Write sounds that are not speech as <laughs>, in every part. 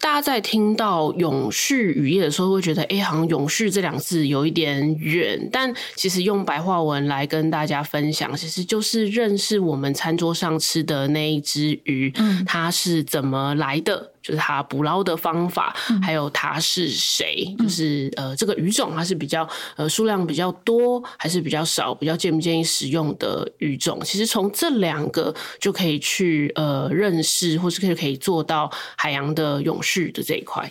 大家在聽到“永續漁業”的時候，會覺得“哎、欸，好像‘永續’這兩個字有一點遠”。但其實用白話文來跟大家分享，其實就是認識我們餐桌上吃的那一隻魚、嗯，它是怎麼來的。就是它捕撈的方法，還有它是誰、嗯，就是呃，這個魚種它是比較呃數量比較多，還是比較少，比較建不建議使用的魚種。其實從這兩個就可以去呃認識，或是可以可以做到海洋的永續的這一塊。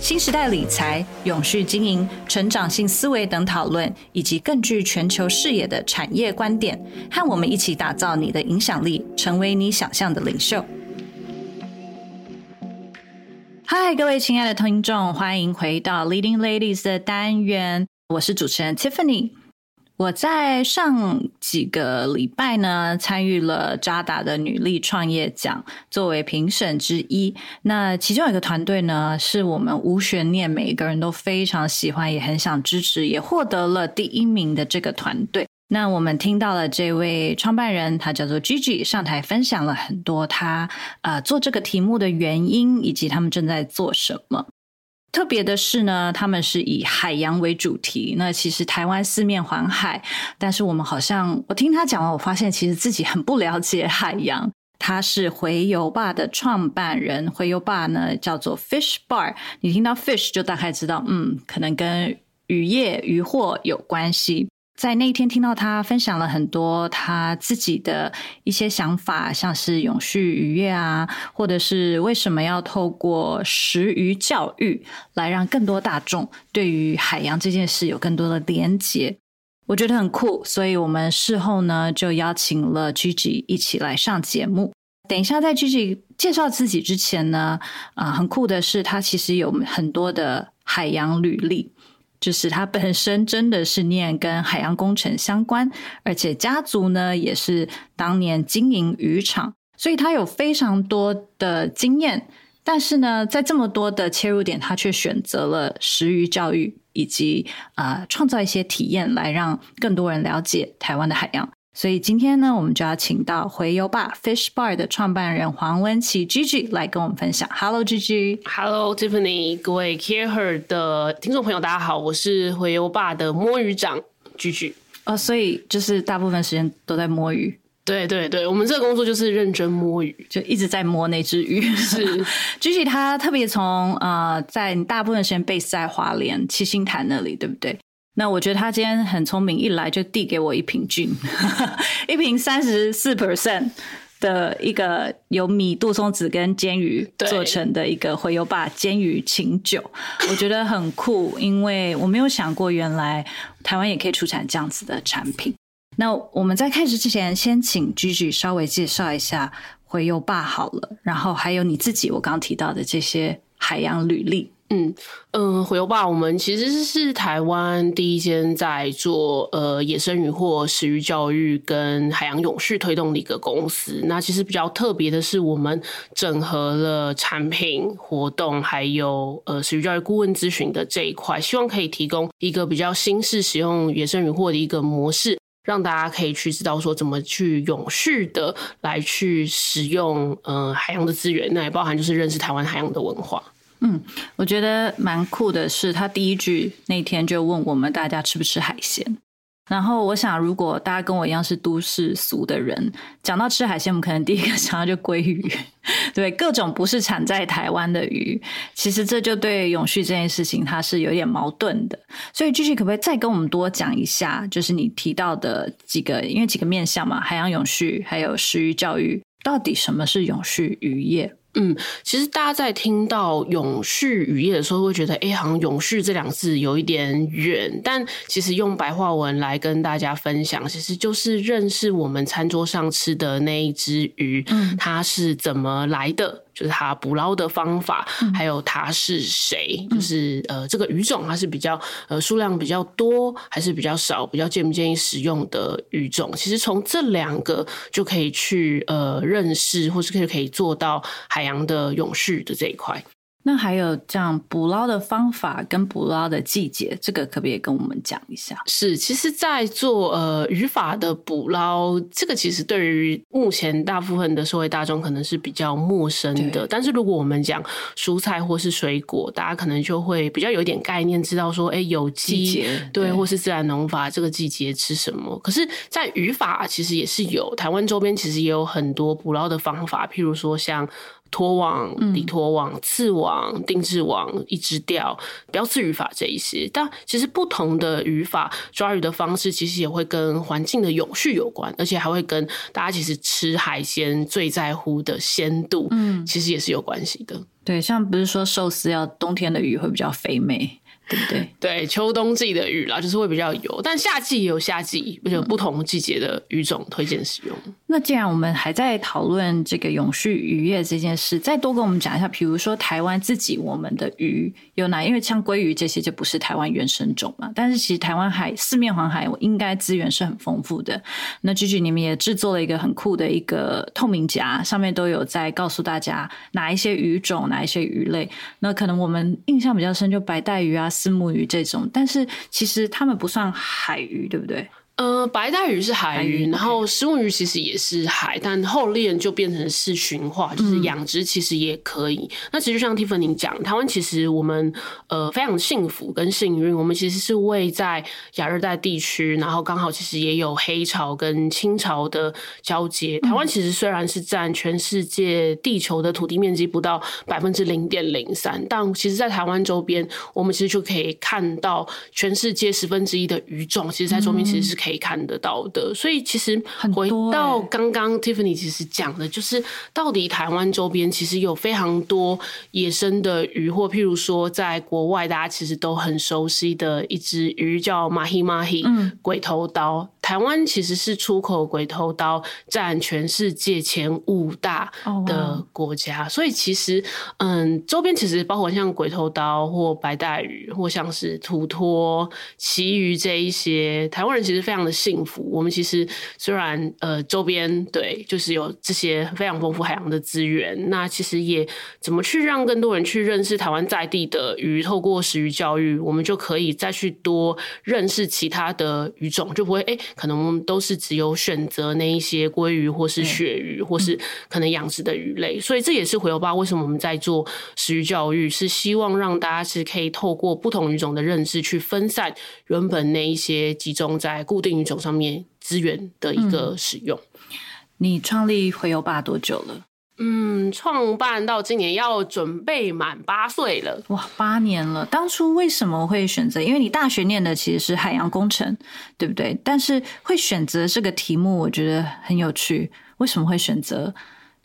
新時代理財、永續經營、成長性思維等討論，以及更具全球視野的產業觀點，和我們一起打造你的影響力，成為你想象的領袖。嗨，各位親愛的聽眾，歡迎回到 Leading Ladies 的單元，我是主持人 Tiffany。我在上幾個禮拜呢，參與了渣打的女力創業獎，作為評審之一。那其中有一個團隊呢，是我們無懸念，每一個人都非常喜歡，也很想支持，也獲得了第一名的這個團隊。那我們聽到了這位創辦人，他叫做 Gigi，上台分享了很多他，呃，做這個題目的原因，以及他們正在做什麼。特別的是呢，他們是以海洋為主題。那其實台灣四面環海，但是我們好像我聽他講完，我發現其實自己很不了解海洋。他是洄遊吧的創辦人，洄遊吧呢叫做 Fish Bar。你聽到 Fish 就大概知道，嗯，可能跟漁業、漁獲有關係。在那一天，聽到他分享了很多他自己的一些想法，像是永續漁業啊，或者是為什麼要透過食魚教育來讓更多大眾對於海洋這件事有更多的連結，我覺得很酷。所以，我們事後呢就邀請了 Gigi 一起來上節目。等一下，在 Gigi 介紹自己之前呢，啊、呃，很酷的是，他其實有很多的海洋履歷。就是他本身真的是念跟海洋工程相關，而且家族呢，也是當年經營漁場，所以他有非常多的經驗。但是呢，在這麼多的切入點，他卻選擇了食魚教育以及啊創造一些體驗，來讓更多人了解台灣的海洋。所以今天呢，我們就要請到洄遊吧 Fish Bar 的創辦人黃紋綺 Gigi 來跟我們分享。Hello，Gigi。Hello，Tiffany，各位 Care Her 的聽眾朋友，大家好，我是洄遊吧的摸魚長 Gigi。啊、呃，所以就是大部分時間都在摸魚。對對對，我們這個工作就是認真摸魚，就一直在摸那只魚。是 <laughs> ，Gigi 他特別從啊，在大部分時間 base 在花蓮七星潭那裡，對不對？那我覺得他今天很聰明，一來就遞給我一瓶酒， <laughs> 一瓶三十四 percent 的一個由米杜松子跟鰹魚做成的一個洄遊吧鰹魚清酒，我覺得很酷，因為我沒有想過原來台灣也可以出產這樣子的產品。那我們在開始之前，先請 Gigi 稍微介紹一下洄遊吧好了，然後還有你自己我剛提到的這些海洋履歷。嗯嗯，呃、洄遊吧。我們其實是台灣第一間在做呃野生漁獲食魚教育跟海洋永續推動的一個公司。那其實比較特別的是，我們整合了產品、活動，還有呃食魚教育顧問諮詢的這一塊，希望可以提供一個比較新式使用野生漁獲的一個模式，讓大家可以去知道說怎麼去永續的來去使用嗯、呃、海洋的資源，那也包含就是認識台灣海洋的文化。嗯，我覺得蠻酷的是，他第一句那天就問我們大家吃不吃海鮮。然後我想，如果大家跟我一樣是都市俗的人，講到吃海鮮，我們可能第一個想到就鮭魚，對，各種不是產在台灣的魚。其實這就對永續這件事情，它是有點矛盾的。所以，Gigi 可不可以再跟我們多講一下，就是你提到的幾個，因為幾個面向嘛，海洋永續，還有食魚教育，到底什麼是永續漁業？嗯，其實大家在聽到“永續漁業”的時候，會覺得“哎、欸，好像‘永續’這兩個字有一點遠”。但其實用白話文來跟大家分享，其實就是認識我們餐桌上吃的那一隻魚、嗯，它是怎麼來的。就是它捕撈的方法，還有它是誰、嗯，就是呃，這個魚種它是比較呃數量比較多，還是比較少，比較建不建議使用的魚種。其實從這兩個就可以去呃認識，或是可以可以做到海洋的永續的這一塊。那還有這樣捕撈的方法跟捕撈的季節，這個可不可以跟我們講一下？是，其實，在做呃漁法的捕撈，這個其實對於目前大部分的社會大眾可能是比較陌生的。但是，如果我們講蔬菜或是水果，大家可能就會比較有點概念，知道說，誒、欸、有機對，或是自然農法，這個季節吃什麼？可是，在漁法其實也是有台灣周邊，其實也有很多捕撈的方法，譬如說像。拖網、底拖網、刺網、定制網、一支釣、標刺漁法這一些，但其實不同的漁法抓魚的方式，其實也會跟環境的永續有關，而且還會跟大家其實吃海鮮最在乎的鮮度，嗯，其實也是有關係的。對，像不是說壽司要冬天的魚會比較肥美。對不對？對，秋冬季的魚啦，就是會比較油，但夏季也有夏季，有不同季節的魚種推薦使用。嗯。那既然我們還在討論這個永續漁業這件事，再多跟我們講一下，比如說台灣自己我們的魚有哪？因為像鮭魚這些就不是台灣原生種嘛，但是其實台灣海四面環海，我應該資源是很豐富的。那 Gigi 你們也制作了一個很酷的一個透明夾，上面都有在告訴大家哪一些魚種，哪一些魚類。那可能我們印象比較深就白帶魚啊。虱目魚這種，但是其實它們不算海魚，對不對？呃，白帶魚是海魚，然後虱目魚其實也是海，嗯 okay、但後鏈就變成是馴化，就是養殖其實也可以。嗯、那其實就像 Tiffany 講，台灣其實我們呃非常幸福跟幸運，我們其實是位在亞熱帶地區，然後剛好其實也有黑潮跟親潮的交接。嗯、台灣其實雖然是占全世界地球的土地面積不到百分之零點零三，但其實在台灣周邊，我們其實就可以看到全世界十分之一的魚種、嗯，其實在周邊其實是、K。可以看得到的，所以其實回到剛剛 Tiffany 其實講的，就是、欸、到底台灣周邊其實有非常多野生的魚，或譬如說在國外大家其實都很熟悉的一，一隻魚叫 Mahi Mahi、嗯、鬼頭刀。台灣其實是出口鬼頭刀占全世界前五大的國家，oh, uh. 所以其實，嗯，周邊其實包括像鬼頭刀或白帶魚，或像是土托，其餘這一些，台灣人其實非常的幸福。我們其實雖然呃周邊對，就是有這些非常豐富海洋的資源，那其實也怎麼去讓更多人去認識台灣在地的魚，透過食魚教育，我們就可以再去多認識其他的魚種，就不會哎。欸可能都是只有選擇那一些鮭魚或是鱈魚，或是魚，或是可能養殖的魚類，所以這也是洄遊吧，為什麼我們在做食魚教育，是希望讓大家是可以透過不同魚種的認知去分散原本那一些集中在固定魚種上面資源的一個使用、嗯。你創立洄遊吧多久了？嗯，創辦到今年要準備滿八歲了。哇，八年了。當初為什麼會選擇？因為你大學唸的其實是海洋工程，對不對？但是會選擇這個題目，我覺得很有趣。為什麼會選擇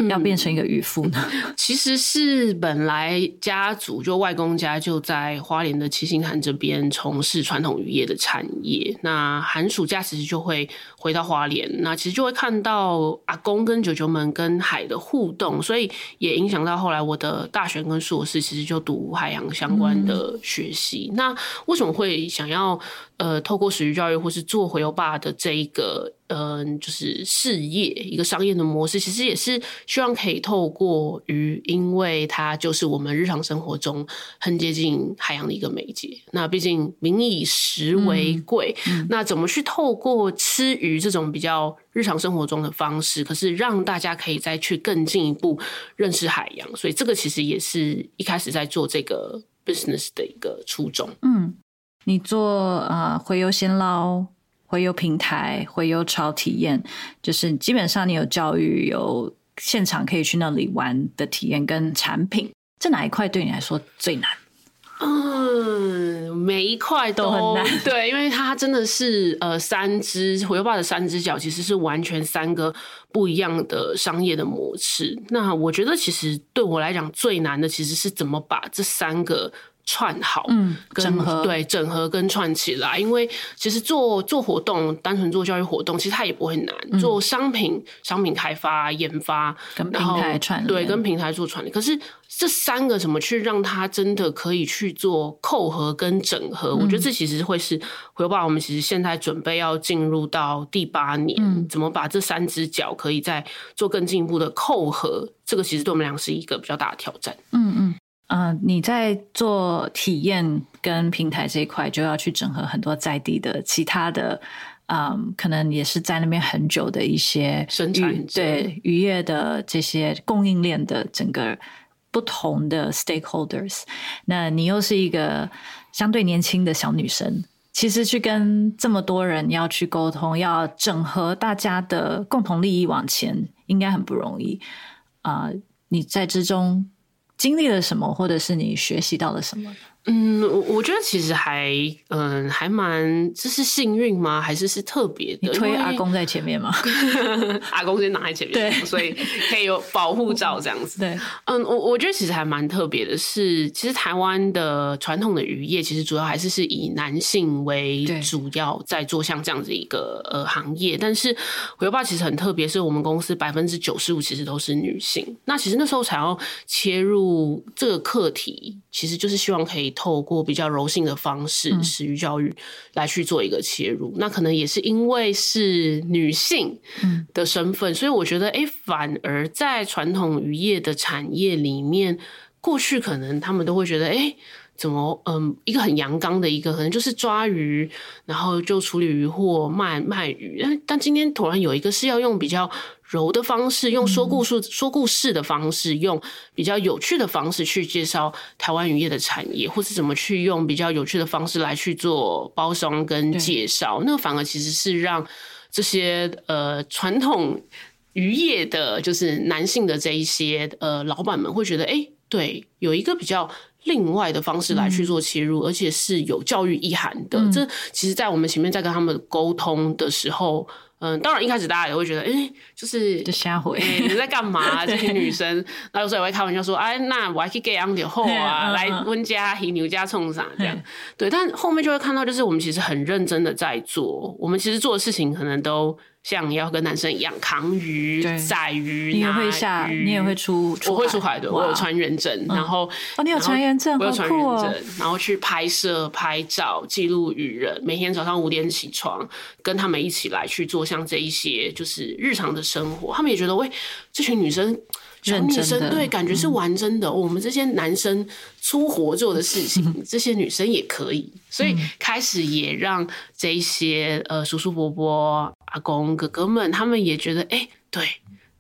要變成一個漁夫呢？嗯，其實是本來家族就外公家就在花蓮的七星潭這邊從事傳統漁業的產業，那寒暑假其實就會。回到花蓮，那其實就會看到阿公跟舅舅們跟海的互動，所以也影響到後來我的大學跟碩士，其實就讀海洋相關的學習，嗯。那為什麼會想要呃透過食魚教育，或是做洄遊吧的這一個嗯、呃、就是事業一個商業的模式，其實也是希望可以透過魚，因為它就是我們日常生活中很接近海洋的一個媒介。那畢竟民以食為貴，嗯嗯，那怎麼去透過吃魚於這種比較日常生活中的方式，可是讓大家可以再去更進一步認識海洋，所以這個其實也是一開始在做這個 business 的一個初衷。嗯，你做啊、呃，洄遊鮮撈，洄遊平台，洄遊潮體驗，就是基本上你有教育，有現場可以去那裡玩的體驗跟產品，這哪一塊對你來說最難？嗯。每一塊都，都很難，對，因為它真的是呃，三只洄遊吧的三只腳，其實是完全三個不一樣的商業的模式。那我覺得，其實對我來講最難的，其實是怎麼把這三個。串好，嗯，整合跟對整合跟串起來，因為其實做做活動，單純做教育活動，其實它也不會很難、嗯。做商品、商品開發、研發，跟平台串然後對跟平台做串聯。可是這三個怎麼去讓它真的可以去做扣合跟整合？嗯、我覺得這其實會是回報。我們其實現在準備要進入到第八年，嗯，怎麼把這三隻腳可以再做更進一步的扣合？這個其實對我們倆是一個比較大的挑戰。嗯嗯。嗯，你在做體驗跟平台這一塊，就要去整合很多在地的其他的，嗯，可能也是在那邊很久的一些生產對漁業的這些供應鏈的整個不同的 stakeholders，那你又是一個相對年輕的小女生，其實去跟這麼多人要去溝通，要整合大家的共同利益往前，應該很不容易啊，嗯，你在之中。經歷了什麼，或者是你學習到了什麼？嗯，我我覺得其實還嗯還蠻這是幸運嗎？還是是特別的？推阿公在前面嗎？因為 <laughs> 阿公先拿在前面，對，所以可以有保護罩這樣子。對，嗯，我我覺得其實還蠻特別的是，是其實台灣的傳統的漁業其實主要還是是以男性為主要在做像這樣子一個呃行業，但是洄遊吧其實很特別，是我們公司百分之九十五其實都是女性。那其實那時候才要切入這個課題，其實就是希望可以。透過比較柔性的方式，食魚教育來去做一個切入，那可能也是因為是女性的身份，所以我覺得，哎，反而在傳統漁業的產業裡面，過去可能他們都會覺得，哎。怎麼？嗯，一個很陽剛的一個，可能就是抓魚，然後就處理漁獲賣賣魚。但但今天突然有一個是要用比較柔的方式，用說故事、嗯、說故事的方式，用比較有趣的方式去介紹台灣漁業的產業，或是怎麼去用比較有趣的方式來去做包裝跟介紹。那反而其實是讓這些呃傳統漁業的，就是男性的這一些呃老板們會覺得，哎、欸，對，有一個比較。另外的方式來去做切入，嗯、而且是有教育意涵的。嗯、這其實，在我們前面在跟他們溝通的時候，嗯，當然一開始大家也會覺得，哎，就是瞎混，你在幹嘛？這些女生，那有時候也會開玩笑說，哎、啊，那我還可以給養點貨啊，嗯、來溫家引牛家沖啥這樣，對。對，但後面就會看到，就是我們其實很認真的在做，我們其實做的事情可能都。像要跟男生一樣扛魚、宰魚、你也會下，魚你也會出，出，我會出海的。我有船員、嗯哦、證，然後哦，你有船員證，我有船員證，然後去拍攝、拍照、記錄漁人。每天早上五點起床，跟他們一起來去做，像這一些就是日常的生活。他們也覺得，喂、欸，這群女生，全女生對感覺是玩真的、嗯哦。我們這些男生粗活做的事情， <laughs> 這些女生也可以，所以開始也讓這一些呃叔叔伯伯。阿公哥哥們，他們也覺得，哎、欸，對，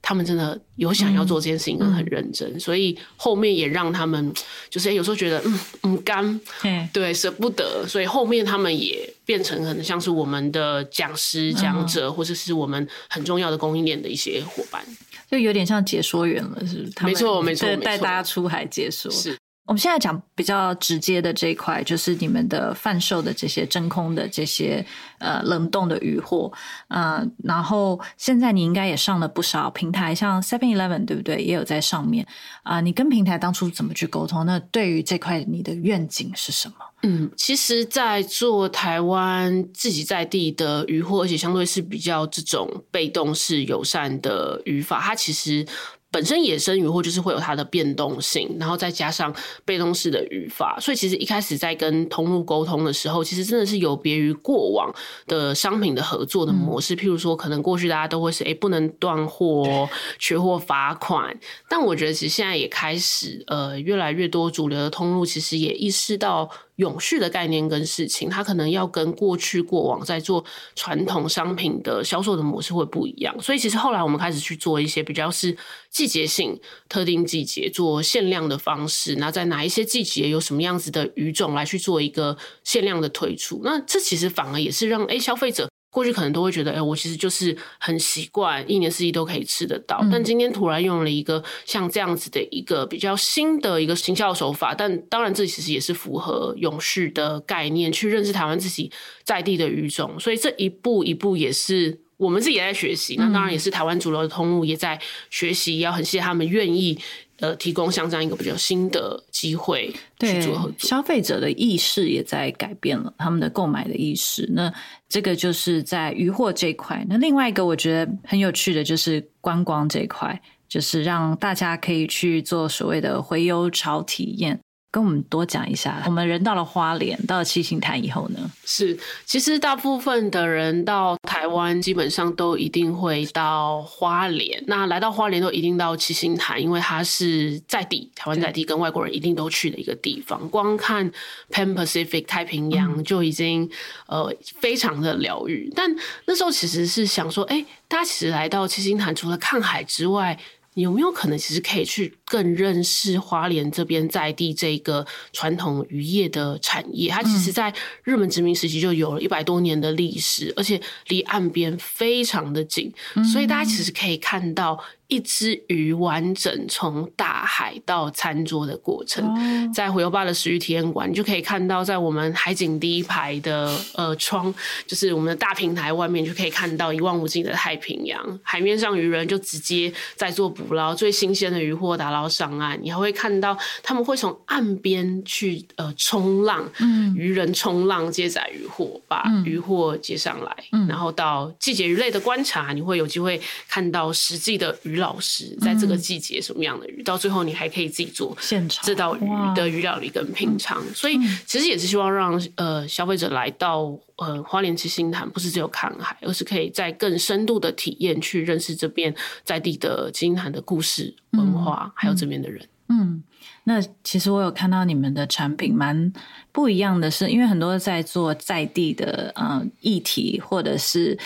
他們真的有想要做這件事情，很認真、嗯嗯，所以後面也讓他們，就是、欸、有時候覺得，嗯，嗯，幹、欸，對，捨不得，所以後面他們也變成很像是我們的講師、講者，嗯、或者是、是我們很重要的供應鏈的一些夥伴，就有點像解說員了，是不是？他們沒錯，沒錯，沒錯，帶大家出海解說是。我們現在講比較直接的這一塊，就是你們的販售的這些真空的這些呃冷凍的魚貨，嗯、呃，然後現在你應該也上了不少平台，像 Seven Eleven 對不對？也有在上面啊、呃。你跟平台當初怎麼去溝通？那對於這塊你的願景是什麼？嗯，其實，在做台灣自己在地的魚貨，而且相對是比較這種被動式友善的漁法，它其實。本身野生漁獲就是會有它的變動性，然後再加上被動式的漁法，所以其實一開始在跟通路溝通的時候，其實真的是有別於過往的商品的合作的模式、嗯。譬如說，可能過去大家都會是誒、欸、不能斷貨、缺貨罰款，但我覺得其實現在也開始呃越來越多主流的通路其實也意識到。永續的概念跟事情，它可能要跟過去過往在做傳統商品的銷售的模式會不一樣，所以其實後來我們開始去做一些比較是季節性、特定季節做限量的方式，那在哪一些季節有什麼樣子的魚種來去做一個限量的推出，那這其實反而也是讓誒，消費者。過去可能都會覺得，誒、欸、我其實就是很習慣一年四季都可以吃得到，嗯。但今天突然用了一個像這樣子的一個比較新的一個行銷手法，但當然這其實也是符合永續的概念，去認識台灣自己在地的魚種。所以這一步一步也是我們自己也在學習，嗯，那當然也是台灣主流的通路也在學習，也要很謝謝他們願意。呃，提供像這樣一個比較新的機會去做合作，對，消費者的意識也在改變了，他們的購買的意識。那這個就是在漁獲這塊。那另外一個我覺得很有趣的就是觀光這塊，就是讓大家可以去做所謂的“洄遊潮”體驗。跟我們多講一下，我們人到了花蓮，到了七星潭以後呢？是，其實大部分的人到台灣，基本上都一定會到花蓮。那來到花蓮，都一定到七星潭，因為它是在地，台灣在地跟外國人一定都去的一個地方。光看 Pan Pacific 太平洋就已經、嗯、呃非常的療癒。但那時候其實是想說，哎、欸，大家其實來到七星潭，除了看海之外，有沒有可能其實可以去更認識花蓮這邊在地這個傳統漁業的產業？它其實在日本殖民時期就有了一百多年的歷史，而且離岸邊非常的近，所以大家其實可以看到。一隻魚完整從大海到餐桌的過程，oh. 在洄遊吧的食魚體驗館，你就可以看到，在我們海景第一排的呃窗，就是我們的大平台外面就可以看到一望無際的太平洋，海面上漁人就直接在做捕撈，最新鮮的漁獲打撈上岸，你還會看到他們會從岸邊去呃衝浪，嗯，漁人衝浪接載漁獲，把漁獲接上來，嗯、mm.，然後到季節魚類的觀察，mm. 你會有機會看到實際的魚。老師在這個季節什麼樣的魚、嗯，到最後你還可以自己做這道魚的魚料理跟品嘗。所以其實也是希望讓呃消費者來到呃花蓮七星潭，不是只有看海，而是可以在更深度的體驗去認識這邊在地的七星潭的故事、文化，嗯、還有這邊的人嗯。嗯，那其實我有看到你們的產品蠻不一樣的是，因為很多人在做在地的嗯、呃、議題或者是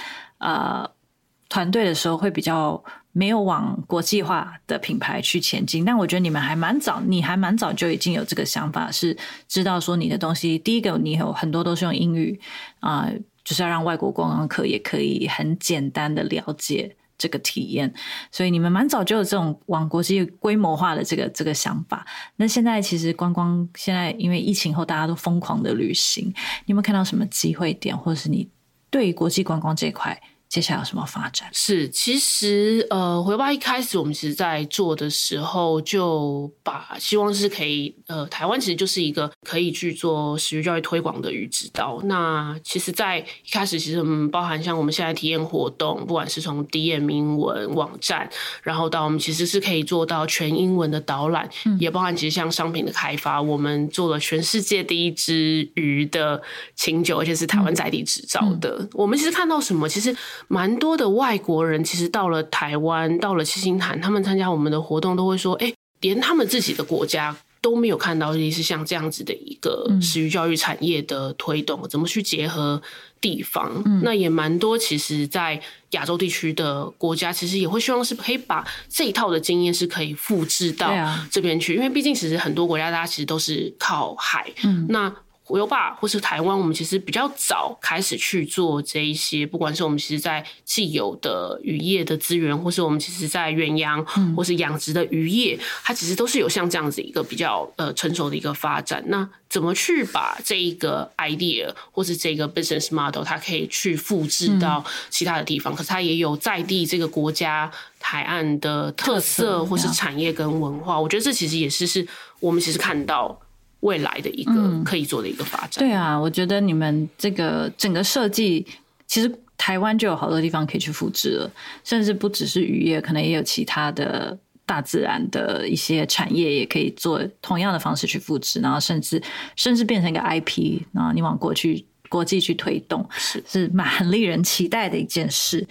團隊、呃、的時候會比較。沒有往國際化的品牌去前進，但我覺得你們還蠻早，你還蠻早就已經有這個想法，是知道說你的東西，第一個你有很多都是用英語啊，呃，就是要讓外國觀光客也可以很簡單的了解這個體驗，所以你們蠻早就有這種往國際規模化的這個這個想法。那現在其實觀光現在因為疫情後大家都瘋狂的旅行，你有沒有看到什麼機會點，或是你對國際觀光這塊？接下來有什麼發展？是，其實呃，洄遊吧一開始我們其實在做的時候，就把希望是可以呃，台灣其實就是一個可以去做食魚教育推廣的魚之島。那其實，在一開始，其實嗯，包含像我們現在體驗活動，不管是從 DM 英文網站，然後到我們其實是可以做到全英文的導覽、嗯，也包含其實像商品的開發，我們做了全世界第一支魚的清酒，而且是台灣在地制造的、嗯嗯。我們其實看到什麼，其實。蠻多的外國人其實到了台灣，到了七星潭，他們參加我們的活動都會說：“哎、欸，連他們自己的國家都沒有看到，類似像這樣子的一個食魚教育產業的推動、嗯，怎麼去結合地方？”嗯、那也蠻多，其實，在亞洲地區的國家，其實也會希望是可以把這一套的經驗是可以複製到這邊去、嗯，因為畢竟其實很多國家，大家其實都是靠海。嗯、那洄遊吧或是台灣，我們其實比較早開始去做這一些，不管是我們其實在既有的漁業的資源，或是我們其實在遠洋或是養殖的漁業，它其實都是有像這樣子一個比較呃成熟的一個發展。那怎麼去把這一個 idea 或是這個 business model，它可以去複制到其他的地方？可是它也有在地這個國家海岸的特色或是產業跟文化。我覺得這其實也是是我們其實看到。未來的一個可以做的一個發展。嗯，對啊，我覺得你們這個整個設計，其實台灣就有好多地方可以去複製了，甚至不只是漁業，可能也有其他的大自然的一些產業也可以做同樣的方式去複製，然後甚至甚至變成一個 IP，然後你往過去國際去推動，是是蠻令人期待的一件事。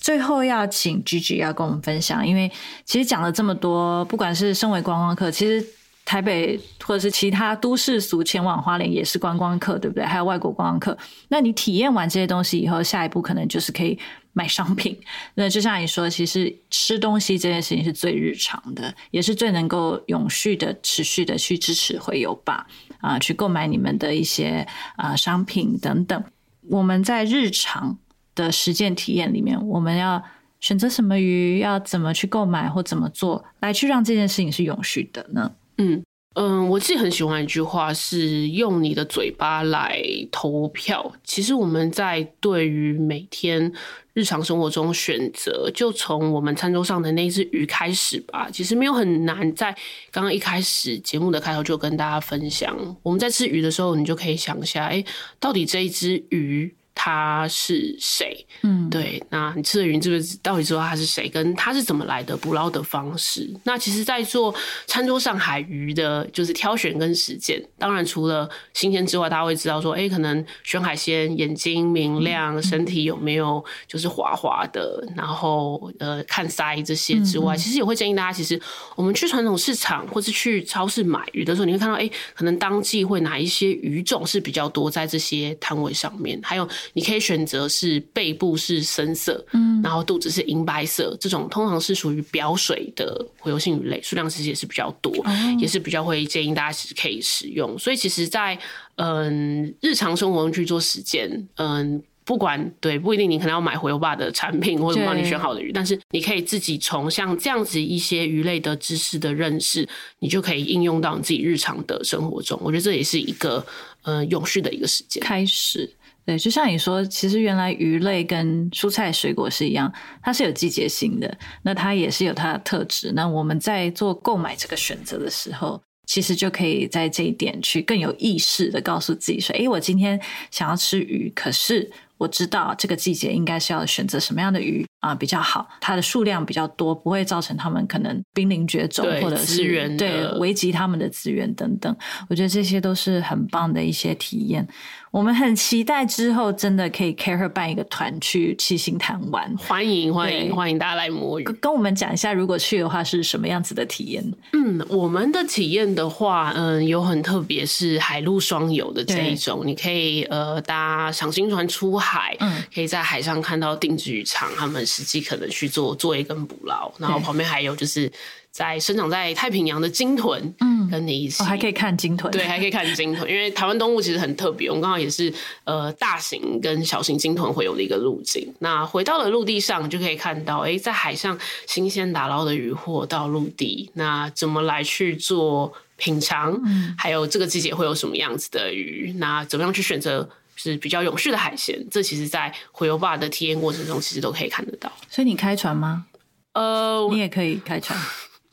最後要請 Gigi 要跟我們分享，因為其實講了這麼多，不管是身為觀光客，其實。台北或者是其他都市俗前往花蓮也是觀光客，對不對？還有外國觀光客，那你體驗完這些東西以後，下一步可能就是可以買商品。那就像你說，其實吃東西這件事情是最日常的，也是最能夠永續的、持續的去支持洄遊吧，啊、呃，去購買你們的一些啊、呃、商品等等。我們在日常的實踐體驗裡面，我們要選擇什麼魚，要怎麼去購買或怎麼做來去讓這件事情是永續的呢？嗯嗯，我自己很喜歡一句話是“用你的嘴巴來投票”。其實我們在對於每天日常生活中選擇，就從我們餐桌上的那隻魚開始吧。其實沒有很難，在剛剛一開始節目的開頭就跟大家分享，我們在吃魚的時候，你就可以想一下，誒、欸，到底這一隻魚。他是誰？嗯，對。那你吃的魚這個是到底知道他是誰？跟他是怎麼來的？捕撈的方式？那其實，在做餐桌上海魚的，就是挑選跟實踐。當然，除了新鮮之外，大家會知道說，哎、欸，可能選海鮮眼睛明亮，身體有沒有就是滑滑的？然後呃，看鰓這些之外，嗯嗯其實也會建議大家，其實我們去傳統市場或是去超市買魚的時候，你會看到，哎、欸，可能當季會哪一些魚種是比較多在這些攤位上面？還有。你可以選擇是背部是深色，嗯，然後肚子是銀白色，這種通常是屬於表水的洄遊性魚類，數量其實也是比較多，哦，也是比較會建議大家可以使用。所以其實在，在嗯日常生活中去做實踐，嗯，不管對不一定你可能要買洄遊吧的產品或者幫你選好的魚，但是你可以自己從像這樣子一些魚類的知識的認識，你就可以應用到你自己日常的生活中。我覺得這也是一個嗯永續的一個實踐開始。對，就像你說，其實原來魚類跟蔬菜水果是一樣，它是有季節性的，那它也是有它的特質。那我們在做購買這個選擇的時候，其實就可以在這一點去更有意識的告訴自己說，哎，我今天想要吃魚，可是。我知道這個季節應該是要選擇什麼樣的魚啊，比較好，它的數量比較多，不會造成他們可能瀕臨絕種，或者資源，對，危及他們的資源等等。我覺得這些都是很棒的一些體驗。我們很期待之後真的可以 CAREhER 辦一個團去七星潭玩，歡迎歡迎歡迎大家來摸魚。跟我們講一下，如果去的話是什麼樣子的體驗？嗯，我們的體驗的話，嗯，有很特別是海陸雙遊的這一種，你可以呃搭賞鯨船出海。海，嗯，可以在海上看到定置漁場、嗯，他們實際可能去做作業跟捕撈，然後旁邊還有就是在生長在太平洋的鯨豚，嗯，跟你一起，嗯哦、還可以看鯨豚，對，還可以看鯨豚， <laughs> 因為台灣東部其實很特別，我們剛好也是呃大型跟小型鯨豚會有的一個路徑。那回到了陸地上，就可以看到，哎、欸，在海上新鮮打撈的漁獲到陸地，那怎麼來去做品嘗？還有這個季節會有什麼樣子的魚？嗯、那怎麼樣去選擇？是比較永續的海鮮，這其實在洄遊吧的體驗過程中，其實都可以看得到。所以你開船嗎？呃，你也可以開船，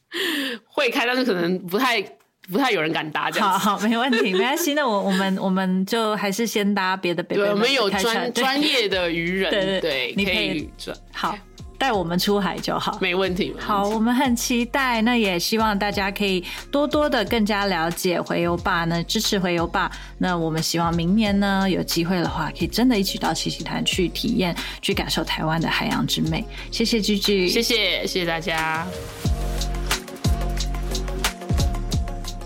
<laughs> 會開，但是可能不太不太有人敢搭。好好，沒問題，沒關係。 <laughs> 那我我們我們就還是先搭別的伯伯。對，我們有專專業的漁人，對， <laughs> 對對對對，你可以轉好。帶我們出海就好，沒問題。好，我們很期待，那也希望大家可以多多的更加了解洄遊吧呢，支持洄遊吧，那我們希望明年呢有機會的話，可以真的一起到七星潭去體驗，去感受台灣的海洋之美。謝謝 Gigi，謝謝，謝謝大家。